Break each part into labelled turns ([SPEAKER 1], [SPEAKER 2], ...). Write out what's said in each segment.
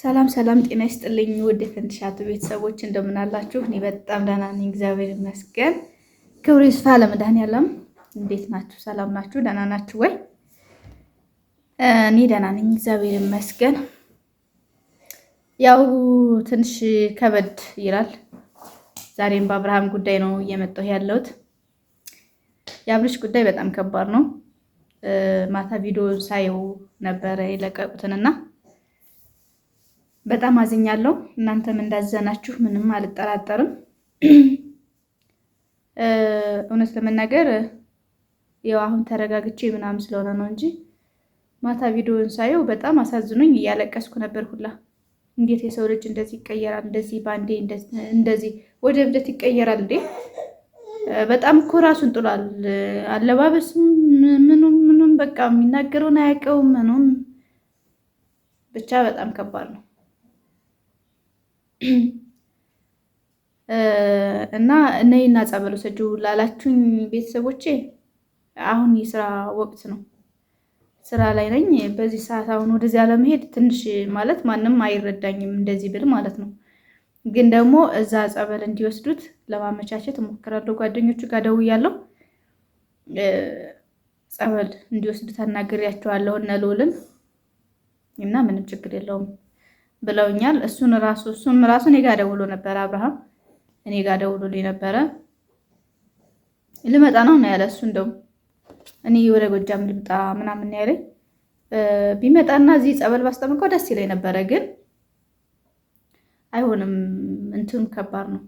[SPEAKER 1] ሰላም ሰላም፣ ጤና ይስጥልኝ ውድ የፈንድሻቱ ቤተሰቦች እንደምናላችሁ። እኔ በጣም ደህና ነኝ፣ እግዚአብሔር ይመስገን። ክብሩ ይስፋ ለመድኃኒዓለም። እንዴት ናችሁ? ሰላም ናችሁ? ደህና ናችሁ ወይ? እኔ ደህና ነኝ፣ እግዚአብሔር ይመስገን። ያው ትንሽ ከበድ ይላል። ዛሬም በአብርሃም ጉዳይ ነው እየመጣሁ ያለሁት። የአብርሽ ጉዳይ በጣም ከባድ ነው። ማታ ቪዲዮ ሳየው ነበረ የለቀቁትንና በጣም አዝኛለሁ። እናንተም እንዳዘናችሁ ምንም አልጠራጠርም። እውነት ለመናገር ያው አሁን ተረጋግቼ ምናምን ስለሆነ ነው እንጂ ማታ ቪዲዮን ሳየው በጣም አሳዝኖኝ እያለቀስኩ ነበር ሁላ። እንዴት የሰው ልጅ እንደዚህ ይቀየራል? እንደዚህ ባንዴ እንደዚህ ወደ እብደት ይቀየራል እንዴ? በጣም እኮ ራሱን ጥሏል። አለባበስ ምኑም ምኑም በቃ የሚናገረውን አያውቀውም ምኑም ብቻ በጣም ከባድ ነው። እና ነይና ጸበል ውሰጁ ላላችሁኝ ቤተሰቦቼ አሁን የስራ ወቅት ነው። ስራ ላይ ነኝ። በዚህ ሰዓት አሁን ወደዚያ ለመሄድ ትንሽ ማለት ማንም አይረዳኝም እንደዚህ ብል ማለት ነው። ግን ደግሞ እዛ ጸበል እንዲወስዱት ለማመቻቸት እሞክራለሁ። ጓደኞቹ ጋር ደውያለሁ። ጸበል እንዲወስዱት አናግሬያቸዋለሁ እነ እና ምንም ችግር የለውም። ብለውኛል። እሱን ራሱ እሱም ራሱ እኔ ጋ ደውሎ ነበረ አብርሃም እኔ ጋ ደውሎልኝ ነበረ። ልመጣ ነው ነው ያለ እሱ እንደውም እኔ ወደ ጎጃም ልምጣ ምናምን ያለኝ ቢመጣና እዚህ ጸበል ባስጠምቀው ደስ ይለኝ ነበረ፣ ግን አይሆንም። እንትኑ ከባድ ነው።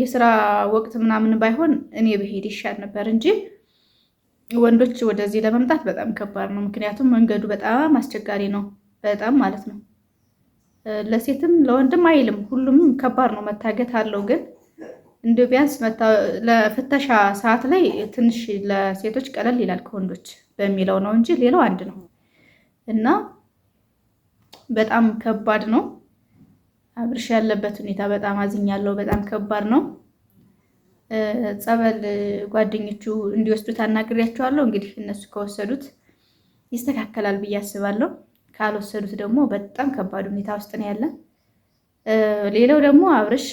[SPEAKER 1] የስራ ወቅት ምናምን ባይሆን እኔ ብሄድ ይሻል ነበር እንጂ ወንዶች ወደዚህ ለመምጣት በጣም ከባድ ነው። ምክንያቱም መንገዱ በጣም አስቸጋሪ ነው። በጣም ማለት ነው። ለሴትም ለወንድም አይልም። ሁሉም ከባድ ነው፣ መታገት አለው። ግን እንዲሁ ቢያንስ ለፍተሻ ሰዓት ላይ ትንሽ ለሴቶች ቀለል ይላል ከወንዶች በሚለው ነው እንጂ ሌላው አንድ ነው እና በጣም ከባድ ነው። አብርሽ ያለበት ሁኔታ በጣም አዝኛለሁ። በጣም ከባድ ነው። ጸበል ጓደኞቹ እንዲወስዱት አናግሬያቸዋለሁ። እንግዲህ እነሱ ከወሰዱት ይስተካከላል ብዬ አስባለሁ። ካልወሰዱት ደግሞ በጣም ከባድ ሁኔታ ውስጥ ነው ያለን። ሌላው ደግሞ አብርሽ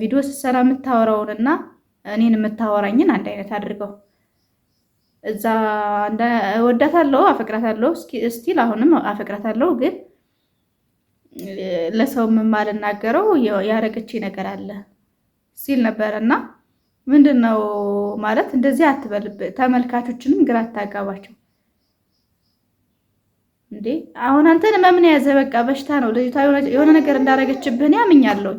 [SPEAKER 1] ቪዲዮ ስትሰራ የምታወራውንና እኔን የምታወራኝን አንድ አይነት አድርገው እዛ እወዳታለሁ፣ አፈቅራታለሁ፣ ስቲል አሁንም አፈቅራታለሁ። ግን ለሰው የማልናገረው ያረገች ነገር አለ ሲል ነበረ እና ምንድን ነው ማለት እንደዚህ አትበልብ፣ ተመልካቾችንም ግራ አታጋባቸው። እንዴ አሁን አንተን መምን ያዘ? በቃ በሽታ ነው። ልጅቷ የሆነ ነገር እንዳደረገችብህ እኔ አምኛለሁ።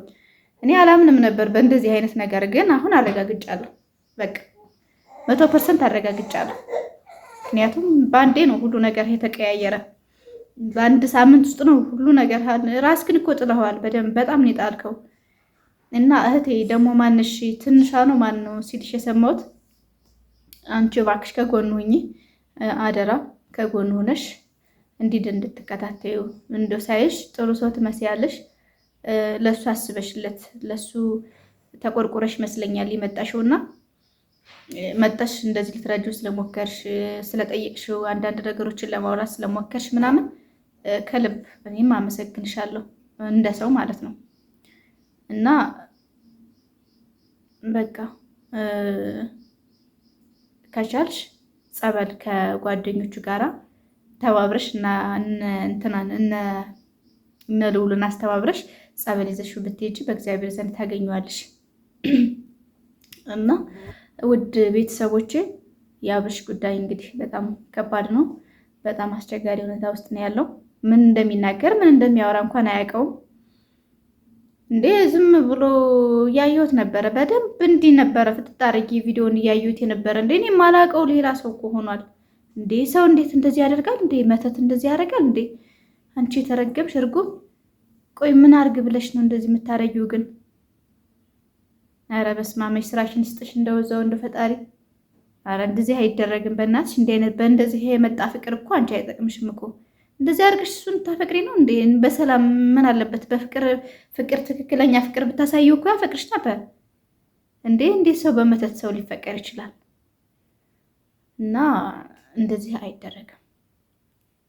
[SPEAKER 1] እኔ አላምንም ነበር በእንደዚህ አይነት ነገር፣ ግን አሁን አረጋግጫለሁ። በቃ መቶ ፐርሰንት አረጋግጫለሁ። ምክንያቱም በአንዴ ነው ሁሉ ነገር የተቀያየረ። በአንድ ሳምንት ውስጥ ነው ሁሉ ነገር። ራስህን እኮ ጥለኸዋል። በደንብ በጣም ነው የጣልከው። እና እህቴ ደግሞ ማንሽ ትንሿ ነው ማን ነው ሲልሽ የሰማሁት አንቺ እባክሽ ከጎን ሁኚ አደራ፣ ከጎን ሆነሽ እንዲድ እንድትከታተዩ እንዶ ሳይሽ ጥሩ ሰው ትመስያለሽ። ለሱ አስበሽለት ለሱ ተቆርቆረሽ ይመስለኛል የመጣሽው እና መጠሽ እንደዚህ ልትረጂው ስለሞከርሽ ስለጠየቅሽው አንዳንድ ነገሮችን ለማውራት ስለሞከርሽ ምናምን ከልብ እኔም አመሰግንሻለሁ እንደ ሰው ማለት ነው። እና በቃ ከቻልሽ ጸበል ከጓደኞቹ ጋራ ተባብረሽ እንትናን እነ ልውልን አስተባብረሽ ጸበል ይዘሽው ብትሄጂ በእግዚአብሔር ዘንድ ታገኘዋለሽ። እና ውድ ቤተሰቦቼ የአብርሽ ጉዳይ እንግዲህ በጣም ከባድ ነው። በጣም አስቸጋሪ ሁኔታ ውስጥ ነው ያለው። ምን እንደሚናገር ምን እንደሚያወራ እንኳን አያውቀውም። እንዴ ዝም ብሎ እያየሁት ነበረ። በደንብ እንዲህ ነበረ ፍጥጣ አድርጌ ቪዲዮን እያየሁት የነበረ እንዴ እኔ የማላውቀው ሌላ ሰው እኮ ሆኗል። እንዴ ሰው እንዴት እንደዚህ ያደርጋል እንዴ? መተት እንደዚህ ያደርጋል እንዴ? አንቺ የተረገምሽ እርጉም! ቆይ ምን አርግ ብለሽ ነው እንደዚህ የምታረጊው ግን? ኧረ በስማመሽ ስራሽን ስጥሽ፣ እንደወዛው እንደ ፈጣሪ። እንደዚህ አይደረግም በእናትሽ። እንዲህ አይነት በእንደዚህ የመጣ ፍቅር እኮ አንቺ አይጠቅምሽም እኮ እንደዚህ አድርገሽ እሱን ታፈቅሪ ነው እንዴ? በሰላም ምን አለበት? በፍቅር ፍቅር ትክክለኛ ፍቅር ብታሳየው እኮ ያፈቅርሽ ነበር እንዴ! እንዴት ሰው በመተት ሰው ሊፈቀር ይችላል? እና እንደዚህ አይደረግም።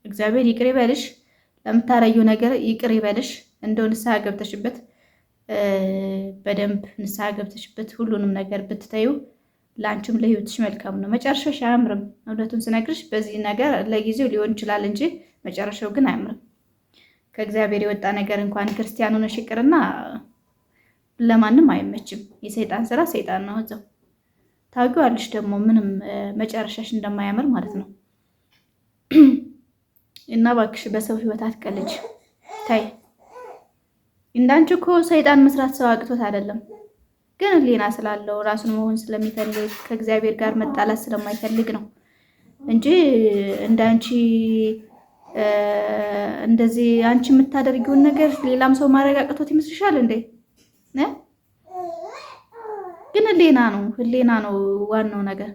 [SPEAKER 1] እግዚአብሔር ይቅር ይበልሽ፣ ለምታረዩ ነገር ይቅር ይበልሽ። እንደው ንስሐ ገብተሽበት በደንብ ንስሐ ገብተሽበት ሁሉንም ነገር ብትተዩ ለአንቺም ለህይወትሽ መልካም ነው። መጨረሻሽ አያምርም። እውነቱን ስነግርሽ በዚህ ነገር ለጊዜው ሊሆን ይችላል እንጂ መጨረሻው ግን አያምርም። ከእግዚአብሔር የወጣ ነገር እንኳን ክርስቲያን ሆነሽ ይቅርና ለማንም አይመችም። የሰይጣን ስራ ሰይጣን ነው እዛው ታውቂዋለሽ ደግሞ ምንም መጨረሻሽ እንደማያምር ማለት ነው። እና እባክሽ በሰው ህይወት አትቀልጅ። ታይ እንዳንቺ እኮ ሰይጣን መስራት ሰው አቅቶት አይደለም፣ ግን ሌና ስላለው ራሱን መሆን ስለሚፈልግ ከእግዚአብሔር ጋር መጣላት ስለማይፈልግ ነው እንጂ እንዳንቺ እንደዚህ አንቺ የምታደርጊውን ነገር ሌላም ሰው ማረጋቅቶት ይመስልሻል እንዴ? ግን ህሌና ነው ህሌና ነው ዋናው ነገር።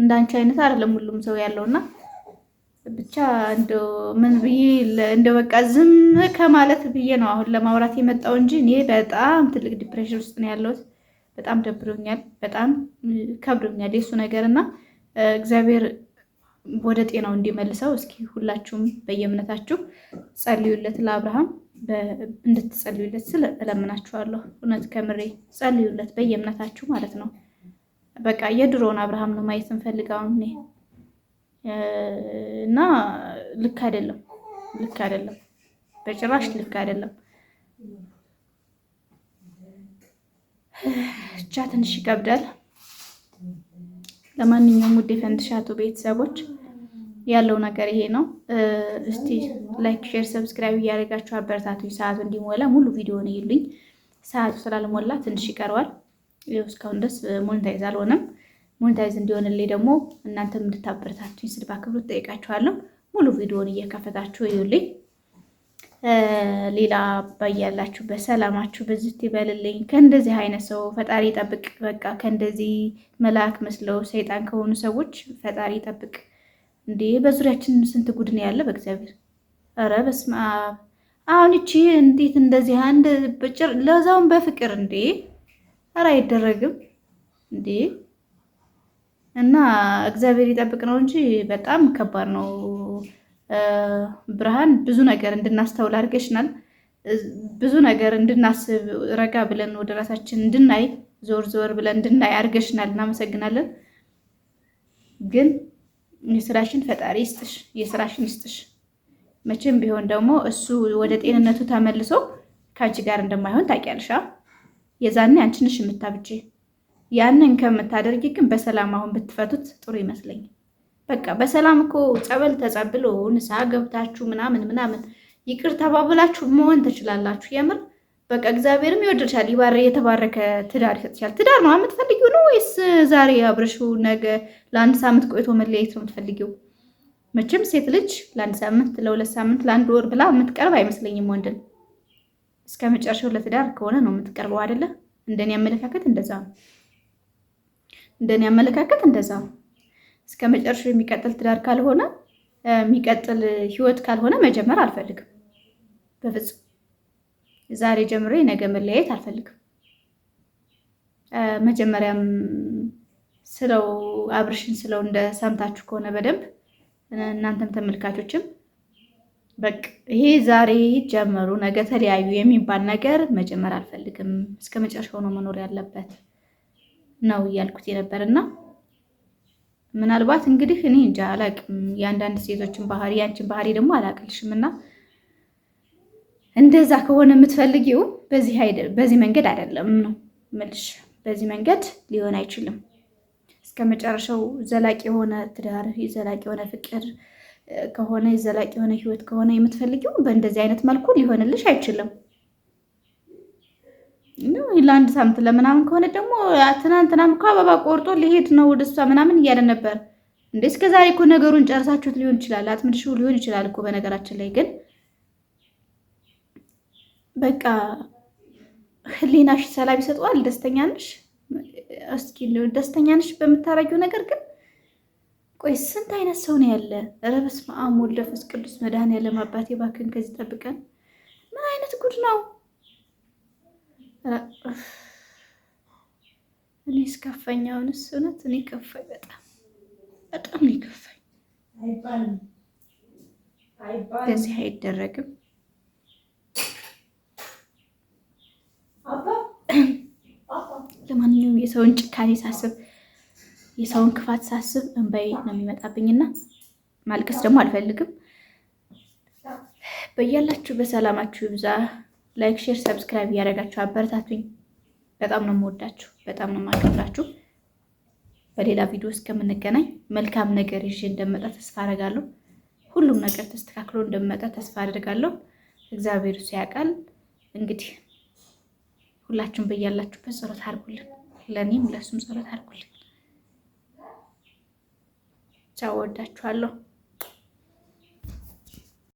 [SPEAKER 1] እንዳንቺ አይነት አይደለም ሁሉም ሰው ያለውና ብቻ እንደ ምን ብዬ እንደ በቃ ዝም ከማለት ብዬ ነው አሁን ለማውራት የመጣው እንጂ እኔ በጣም ትልቅ ዲፕሬሽን ውስጥ ነው ያለሁት። በጣም ደብሮኛል፣ በጣም ከብዶኛል የእሱ ነገር እና እግዚአብሔር ወደ ጤናው እንዲመልሰው እስኪ ሁላችሁም በየእምነታችሁ ጸልዩለት ለአብርሃም። እንድትጸልዩለት ስል እለምናችኋለሁ። እውነት ከምሬ ጸልዩለት፣ በየእምነታችሁ ማለት ነው። በቃ የድሮውን አብርሃም ነው ማየት እንፈልጋውን እኔ እና ልክ አይደለም፣ ልክ አይደለም፣ በጭራሽ ልክ አይደለም። ብቻ ትንሽ ይከብዳል። ለማንኛውም ውድ የፈንድሻቱ ቤተሰቦች ያለው ነገር ይሄ ነው። እስቲ ላይክ፣ ሼር፣ ሰብስክራይብ እያደረጋችሁ አበረታቱኝ። ሰዓቱ እንዲሞላ ሙሉ ቪዲዮን ይሉኝ። ሰዓቱ ስላልሞላ ትንሽ ይቀረዋል። እስካሁን ድረስ ሞኔታይዝ አልሆነም። ሞኔታይዝ እንዲሆንልኝ ደግሞ እናንተም እንድታበረታቱኝ ስል በአክብሮት ጠይቃችኋለሁ። ሙሉ ቪዲዮን እየከፈታችሁ ይሉኝ። ሌላ ባያላችሁ በሰላማችሁ በዚህ ይበልልኝ። ከእንደዚህ አይነት ሰው ፈጣሪ ጠብቅ በቃ ከእንደዚህ መልአክ መስለው ሰይጣን ከሆኑ ሰዎች ፈጣሪ ጠብቅ እንዴ በዙሪያችን ስንት ጉድን ያለ በእግዚአብሔር ኧረ በስመ አብ አሁን ይቺ እንዴት እንደዚህ አንድ ብጭር ለዛውን በፍቅር እንዴ ኧረ አይደረግም እንዴ እና እግዚአብሔር ይጠብቅ ነው እንጂ በጣም ከባድ ነው ብርሃን ብዙ ነገር እንድናስተውል አድርገሽናል ብዙ ነገር እንድናስብ ረጋ ብለን ወደ ራሳችን እንድናይ ዞር ዞር ብለን እንድናይ አድርገሽናል እናመሰግናለን ግን የስራሽን ፈጣሪ ይስጥሽ፣ የስራሽን ይስጥሽ። መቼም ቢሆን ደግሞ እሱ ወደ ጤንነቱ ተመልሶ ከአንቺ ጋር እንደማይሆን ታውቂያለሽ። የዛን አንቺንሽ ነሽ የምታብጂ። ያንን ከምታደርጊ ግን በሰላም አሁን ብትፈቱት ጥሩ ይመስለኝ። በቃ በሰላም እኮ ጸበል ተጸብሎ ንስሐ ገብታችሁ ምናምን ምናምን ይቅር ተባብላችሁ መሆን ትችላላችሁ። የምር በቃ እግዚአብሔርም ይወድልሻል፣ ይባረ የተባረከ ትዳር ይሰጥሻል። ትዳር ነው የምትፈልጊው ነው ወይስ ዛሬ አብረሹ ነገ ለአንድ ሳምንት ቆይቶ መለያየት ነው የምትፈልጊው? መቼም ሴት ልጅ ለአንድ ሳምንት፣ ለሁለት ሳምንት፣ ለአንድ ወር ብላ የምትቀርብ አይመስለኝም። ወንድን እስከ መጨረሻው ለትዳር ከሆነ ነው የምትቀርበው አይደለ? እንደኔ አመለካከት እንደዛ ነው። እንደኔ አመለካከት እንደዛ ነው። እስከ መጨረሻው የሚቀጥል ትዳር ካልሆነ የሚቀጥል ህይወት ካልሆነ መጀመር አልፈልግም በፍጹም። ዛሬ ጀምሮ ነገ መለያየት አልፈልግም። መጀመሪያም ስለው አብርሽን ስለው እንደ ሰምታችሁ ከሆነ በደንብ እናንተም ተመልካቾችም በቃ ይሄ ዛሬ ጀመሩ ነገ ተለያዩ የሚባል ነገር መጀመር አልፈልግም። እስከ መጨረሻ ሆኖ መኖር ያለበት ነው እያልኩት የነበር እና ምናልባት እንግዲህ እኔ እንጃ አላቅም የአንዳንድ ሴቶችን ባህሪ ያንችን ባህሪ ደግሞ አላቅልሽም እና እንደዛ ከሆነ የምትፈልጊው በዚህ መንገድ አይደለም ነው የምልሽ። በዚህ መንገድ ሊሆን አይችልም። እስከ መጨረሻው ዘላቂ የሆነ ትዳር፣ ዘላቂ የሆነ ፍቅር ከሆነ ዘላቂ የሆነ ህይወት ከሆነ የምትፈልጊው በእንደዚህ አይነት መልኩ ሊሆንልሽ አይችልም። ለአንድ ሳምንት ለምናምን ከሆነ ደግሞ ትናንትናም እኮ አበባ ቆርጦ ሊሄድ ነው ወደ እሷ ምናምን እያለ ነበር እንዴ። እስከዛሬ እኮ ነገሩን ጨርሳችሁት ሊሆን ይችላል፣ አጥምድሽው ሊሆን ይችላል እኮ በነገራችን ላይ ግን በቃ ህሊናሽ ሰላም ይሰጠዋል። ደስተኛ ነሽ? እስኪ ደስተኛ ነሽ በምታረጊው ነገር? ግን ቆይ ስንት አይነት ሰው ነው ያለ? ኧረ በስመ አብ ወወልድ ወመንፈስ ቅዱስ መድኃኔዓለም አባቴ እባክህን ከዚህ ጠብቀን። ምን አይነት ጉድ ነው? እኔ እስከፋኝ። አሁንስ እውነት እኔ ከፋኝ፣ በጣም በጣም ነው የከፋኝ። እንደዚህ አይደረግም። የሰውን ጭካኔ ሳስብ፣ የሰውን ክፋት ሳስብ እንባዬ ነው የሚመጣብኝና ማልቀስ ደግሞ አልፈልግም። በያላችሁ በሰላማችሁ ይብዛ። ላይክ፣ ሼር፣ ሰብስክራይብ እያደረጋችሁ አበረታቱኝ። በጣም ነው የምወዳችሁ፣ በጣም ነው የማከብራችሁ። በሌላ ቪዲዮ እስከምንገናኝ መልካም ነገር ይዤ እንደመጣ ተስፋ አደርጋለሁ። ሁሉም ነገር ተስተካክሎ እንደመጣ ተስፋ አደርጋለሁ። እግዚአብሔር ያውቃል። እንግዲህ ሁላችሁም በያላችሁበት ጸሎት አድርጉልን። ለእኔም ለሱም ጸሎት አድርጉልኝ። ቻው፣ ወዳችኋለሁ።